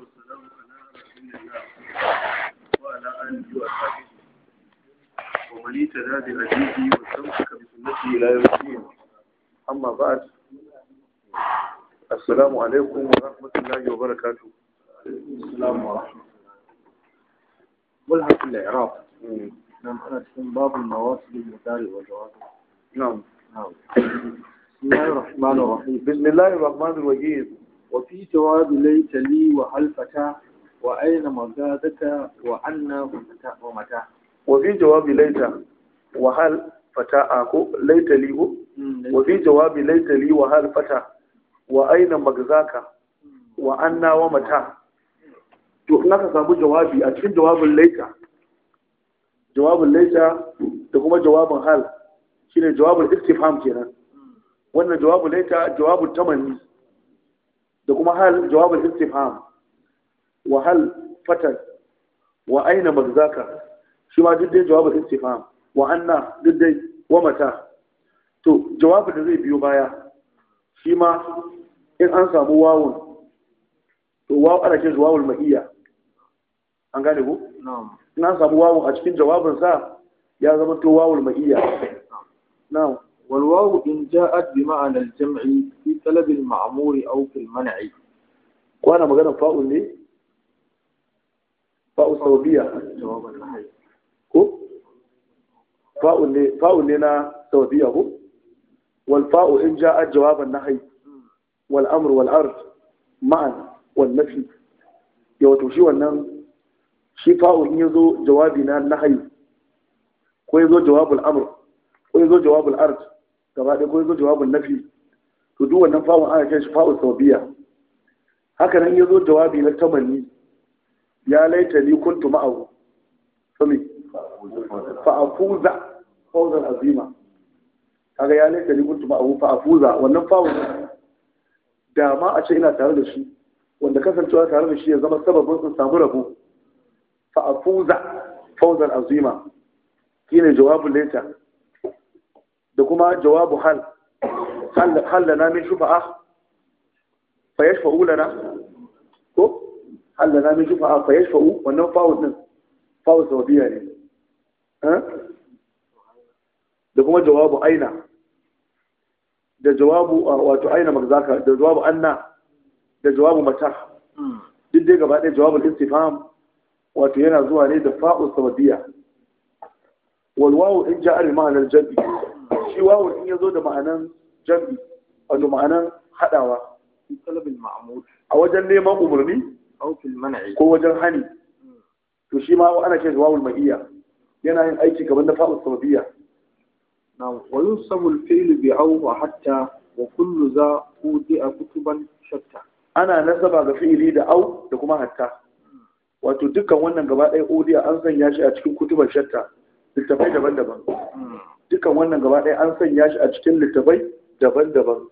والسلام على رسول الله وعلى آله وصحبه ومن اهتدى بهديه واستمسك بسنته إلى يوم الدين أما بعد السلام عليكم ورحمة الله وبركاته السلام ورحمة الله ملحق الإعراب نعم أنا باب المواصل المداري والجواب نعم نعم بسم الله الرحمن الرحيم بسم الله الرحمن الرحيم وفي جواب ليت لي وهل فتى وأين مزادك وأنا ومتى وفي جواب ليت وهل فتى أكو ليت لي وفي جواب ليت لي وهل فتى وأين مغزاك وأنا ومتى to in aka samu jawabi a cikin jawabin laita da kuma jawabin hal shine jawabin istifham kenan wannan jawabin laita jawabin tamanni da kuma hal jawabul istifham wa hal fatan wa aina magzaka shi ma duk dai jawabul istifham wa anna duk dai wa mata to jawabin da zai biyo baya shi ma in an samu wawun to wawu ana ce jawabul ma'iyya an gane ku in an samu wawun a cikin jawabin sa ya zama to wawul ma'iyya na'am والواو إن جاءت بمعنى الجمع في طلب المعمور أو في المنع وأنا مجانا فاء لي فاء سعودية كو فاء لي فاء لنا صوبية هو والفاء إن جاءت جواب النهي والأمر والأرض معا والنفي يوتوشي والنم شي fa'un ya zo jawabi na ويزو جواب الأمر. ويزو جواب الأرض. gaba ɗaya ko yazo jawabin nafi to duk wannan fawon ana kai shi fawon sabiya haka nan yazo jawabi na tamanni ya laita ni kuntu ma'ahu sami fa afuza fawzan azima kaga ya laita ni kuntu ma'ahu fa afuza wannan fawon da ma a ce ina tare da shi wanda kasancewa tare da shi ya zama sababin sun samu rabo fa afuza fawzan azima shine jawabin laita da kuma jawabu hal hal lana min shufa'a fa yashfa'u lana ko hal lana min shufa'a fa yashfa'u wannan fa'u din fa'u sababiya ne eh? da kuma jawabu aina da jawabu wato aina magzaka da jawabu anna da jawabu mata duk dai gaba ɗaya jawabul istifham wato yana zuwa ne da fa'u sababiya wal in ja'a ma'anar jaddi shi wawul in ya zo da ma'anan jam'i wato ma'anan haɗawa a wajen neman umarni ko wajen hani to shi ma ana ce wawul ma'iyya yana yin aiki kamar na fa'ul sababiyya na'am wa yusabu al-fi'lu bi aw hatta wa kullu za a kutuban shatta ana nasaba ga fi'ili da au da kuma hatta wato dukkan wannan gaba ɗaya udi'a an sanya shi a cikin kutuban shatta littafai daban-daban hmm. dukkan wannan gaba ɗaya an sanya shi a cikin littafai daban-daban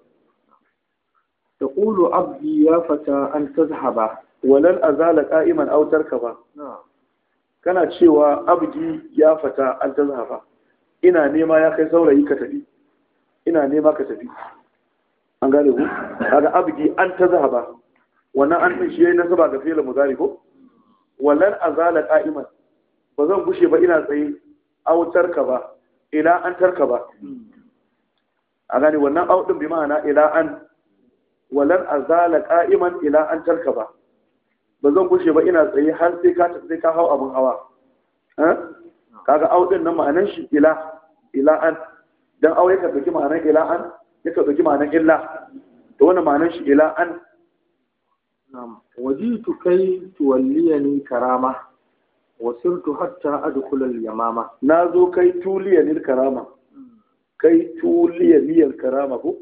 ƙulu abdi ya fata an ta tazhaba zala ƙa'iman autar ka ba. kana cewa abdi ya fata an ta zahaba. ina nema ya kai saurayi ka tafi ina nema ka tafi an gane ku kaga abdi an ta zahaba. wannan an ɗin shi ya yi nasaba ga fi'il muzari, ko walan zala ƙa'iman. ba zan gushe ba ina tsaye ka ba. ila an tarka ba a gani wannan audin bi ma'ana ila an walan azala qa'iman ila an tarka ba ba zan gushe ba ina tsaye har sai ka sai ka hau abun hawa eh? kaga audin nan ma'anan shi ila ila an dan aure ka dauki ma'anan ila an ya ka dauki ma'anan illa to wannan ma'anan shi ila an na'am wajitu kai tuwalliyani karama wasirtu hatta adkhula al-yamama na zo kai tuliya lil karama kai tuliya liyal karama ko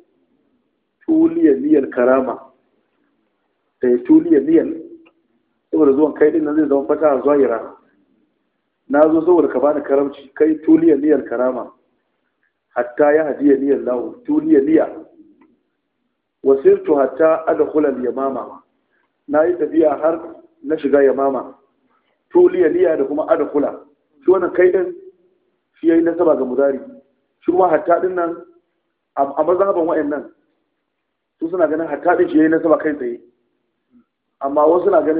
tuliya liyal karama da eh, tuliya liyal saboda zuwan kai din nan zai zama fata zahira na zo saboda ka bani karamci kai tuliya liyal karama hatta ya hadiya liyal lahu tuliya liya wasirtu hatta adkhula al-yamama na yi tafiya har na shiga yamama liya-liya da kuma adakula shi wannan kai din shi yayi nasaba ga mudari shi kuma hatta din nan a mazhaban wayannan su suna ganin hatta din shi yayi nasaba kai tsaye amma wasu na ganin